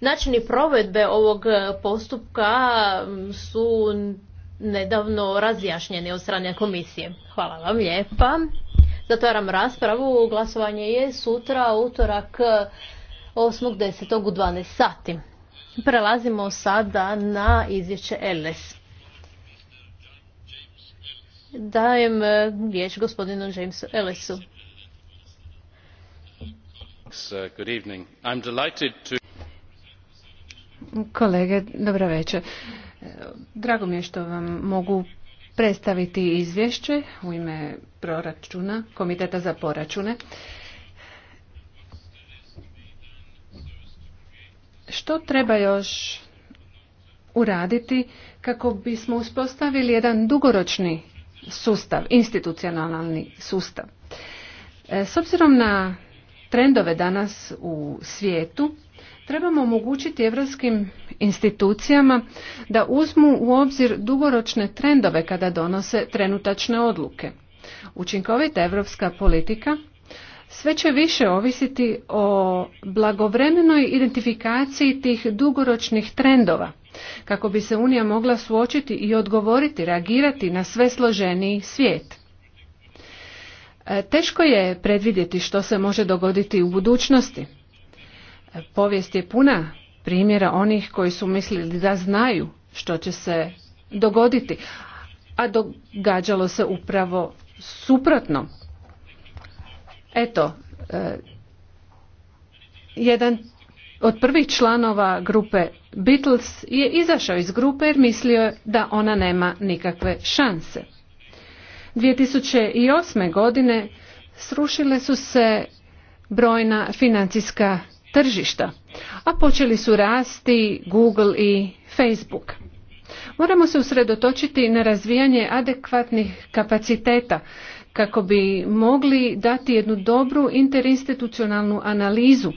Načini provedbe ovog e, postupka su nedavno razjašnjeni od strane komisije. Hvala vam lijepa. Zatvaram raspravu. Glasovanje je sutra, utorak 8.10. E, u 12 sati. Prelazimo sada na izvješće ls Dajem e, riječ gospodinu Jamesu Ellisu. Kolege, dobra večer. Drago mi je što vam mogu predstaviti izvješće u ime proračuna, komiteta za poračune. Što treba još uraditi kako bismo uspostavili jedan dugoročni sustav, institucionalni sustav? E, s obzirom na trendove danas u svijetu, trebamo omogućiti evropskim institucijama da uzmu u obzir dugoročne trendove kada donose trenutačne odluke. Učinkovita evropska politika sve će više ovisiti o blagovremenoj identifikaciji tih dugoročnih trendova kako bi se Unija mogla suočiti i odgovoriti, reagirati na sve složeniji svijet. E, teško je predvidjeti što se može dogoditi u budućnosti. E, povijest je puna primjera onih koji su mislili da znaju što će se dogoditi, a događalo se upravo suprotno. Eto, e, jedan od prvih članova grupe Beatles je izašao iz grupe jer mislio da ona nema nikakve šanse. 2008. godine srušile su se brojna financijska tržišta, a počeli su rasti Google i Facebook. Moramo se usredotočiti na razvijanje adekvatnih kapaciteta kako bi mogli dati jednu dobru interinstitucionalnu analizu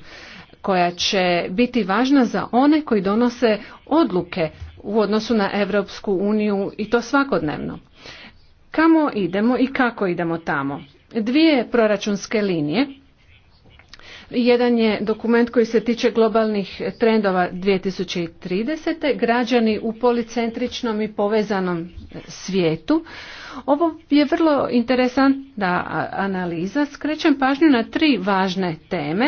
koja će biti važna za one koji donose odluke u odnosu na Europsku uniju i to svakodnevno kamo idemo i kako idemo tamo. Dvije proračunske linije. Jedan je dokument koji se tiče globalnih trendova 2030. Građani u policentričnom i povezanom svijetu. Ovo je vrlo interesantna analiza. Skrećem pažnju na tri važne teme.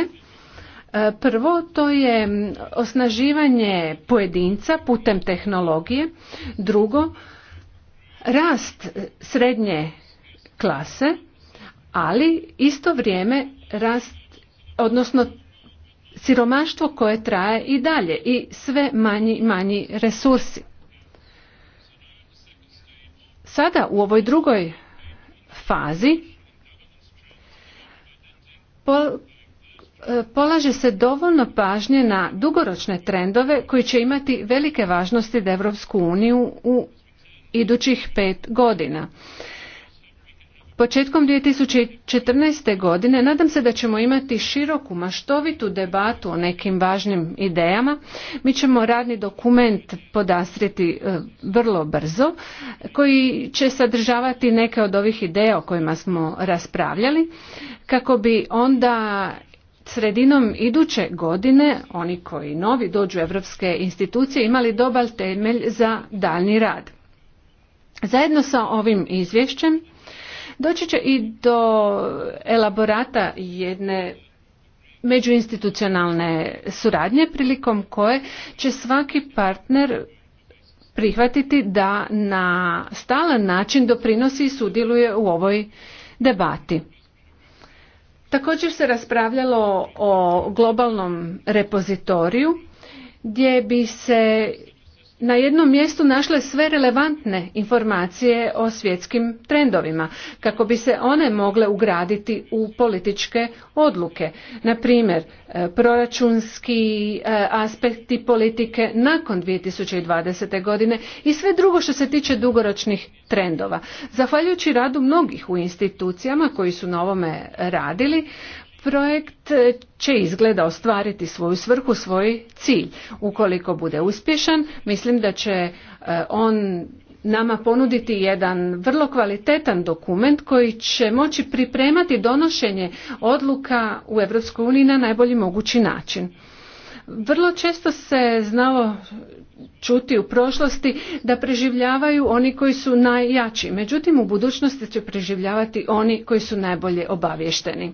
E, prvo, to je osnaživanje pojedinca putem tehnologije. Drugo, rast srednje klase, ali isto vrijeme rast, odnosno siromaštvo koje traje i dalje i sve manji manji resursi. Sada u ovoj drugoj fazi e, polaže se dovoljno pažnje na dugoročne trendove koji će imati velike važnosti da Evropsku uniju u idućih pet godina. Početkom 2014. godine nadam se da ćemo imati široku maštovitu debatu o nekim važnim idejama. Mi ćemo radni dokument podastriti e, vrlo brzo koji će sadržavati neke od ovih ideja o kojima smo raspravljali kako bi onda sredinom iduće godine oni koji novi dođu u europske institucije imali dobar temelj za daljnji rad. Zajedno sa ovim izvješćem doći će i do elaborata jedne međuinstitucionalne suradnje prilikom koje će svaki partner prihvatiti da na stalan način doprinosi i sudjeluje u ovoj debati. Također se raspravljalo o globalnom repozitoriju gdje bi se na jednom mjestu našle sve relevantne informacije o svjetskim trendovima kako bi se one mogle ugraditi u političke odluke na primjer e, proračunski e, aspekti politike nakon 2020. godine i sve drugo što se tiče dugoročnih trendova zahvaljujući radu mnogih u institucijama koji su na ovome radili Projekt će izgleda ostvariti svoju svrhu, svoj cilj. Ukoliko bude uspješan, mislim da će e, on nama ponuditi jedan vrlo kvalitetan dokument koji će moći pripremati donošenje odluka u EU na najbolji mogući način. Vrlo često se znalo čuti u prošlosti da preživljavaju oni koji su najjači, međutim u budućnosti će preživljavati oni koji su najbolje obavješteni.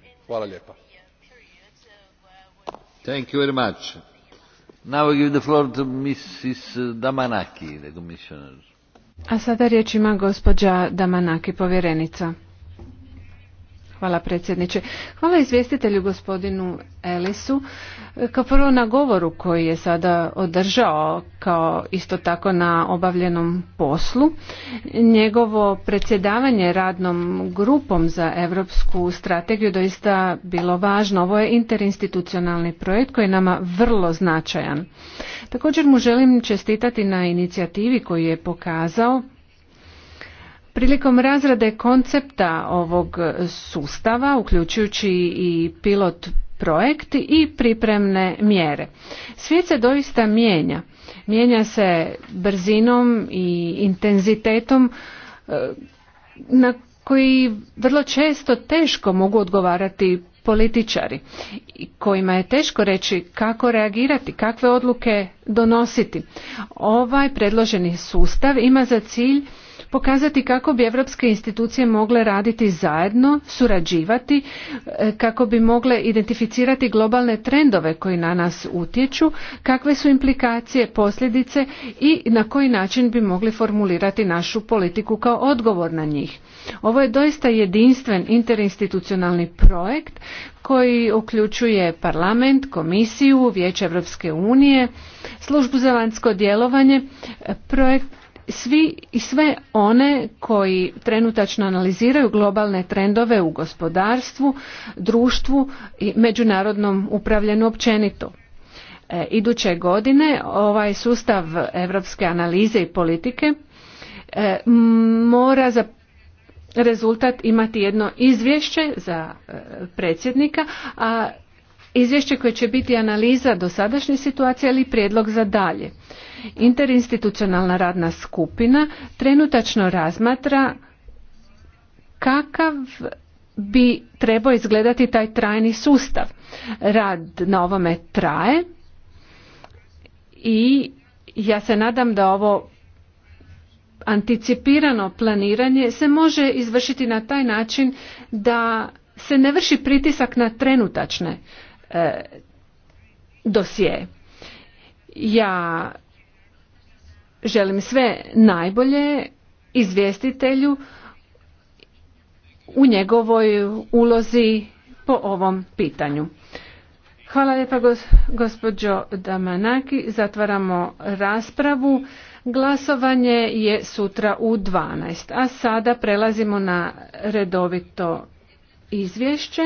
kolege. Hvala lijepa. Thank you very much. Now I give the floor to Mrs. Damanaki, the commissioner. A sada riječ ima gospođa Damanaki, povjerenica. Hvala predsjedniče. Hvala izvjestitelju gospodinu Elisu. Kao prvo na govoru koji je sada održao kao isto tako na obavljenom poslu. Njegovo predsjedavanje radnom grupom za europsku strategiju doista bilo važno. Ovo je interinstitucionalni projekt koji je nama vrlo značajan. Također mu želim čestitati na inicijativi koju je pokazao Prilikom razrade koncepta ovog sustava, uključujući i pilot projekt i pripremne mjere. Svijet se doista mijenja. Mijenja se brzinom i intenzitetom e, na koji vrlo često teško mogu odgovarati političari kojima je teško reći kako reagirati, kakve odluke donositi. Ovaj predloženi sustav ima za cilj pokazati kako bi europske institucije mogle raditi zajedno, surađivati, e, kako bi mogle identificirati globalne trendove koji na nas utječu, kakve su implikacije, posljedice i na koji način bi mogli formulirati našu politiku kao odgovor na njih. Ovo je doista jedinstven interinstitucionalni projekt koji uključuje parlament, komisiju, Vijeće Europske unije, službu za vanjsko djelovanje, projekt svi i sve one koji trenutačno analiziraju globalne trendove u gospodarstvu, društvu i međunarodnom upravljanju općenito. E, iduće godine ovaj sustav europske analize i politike e, mora za rezultat imati jedno izvješće za e, predsjednika, a izvješće koje će biti analiza dosadašnje situacije ili prijedlog za dalje. Interinstitucionalna radna skupina trenutačno razmatra kakav bi trebao izgledati taj trajni sustav. Rad na ovome traje i ja se nadam da ovo anticipirano planiranje se može izvršiti na taj način da se ne vrši pritisak na trenutačne E, dosije. Ja želim sve najbolje izvjestitelju u njegovoj ulozi po ovom pitanju. Hvala lijepa gospođo Damanaki. Zatvaramo raspravu. Glasovanje je sutra u 12. A sada prelazimo na redovito izvješće.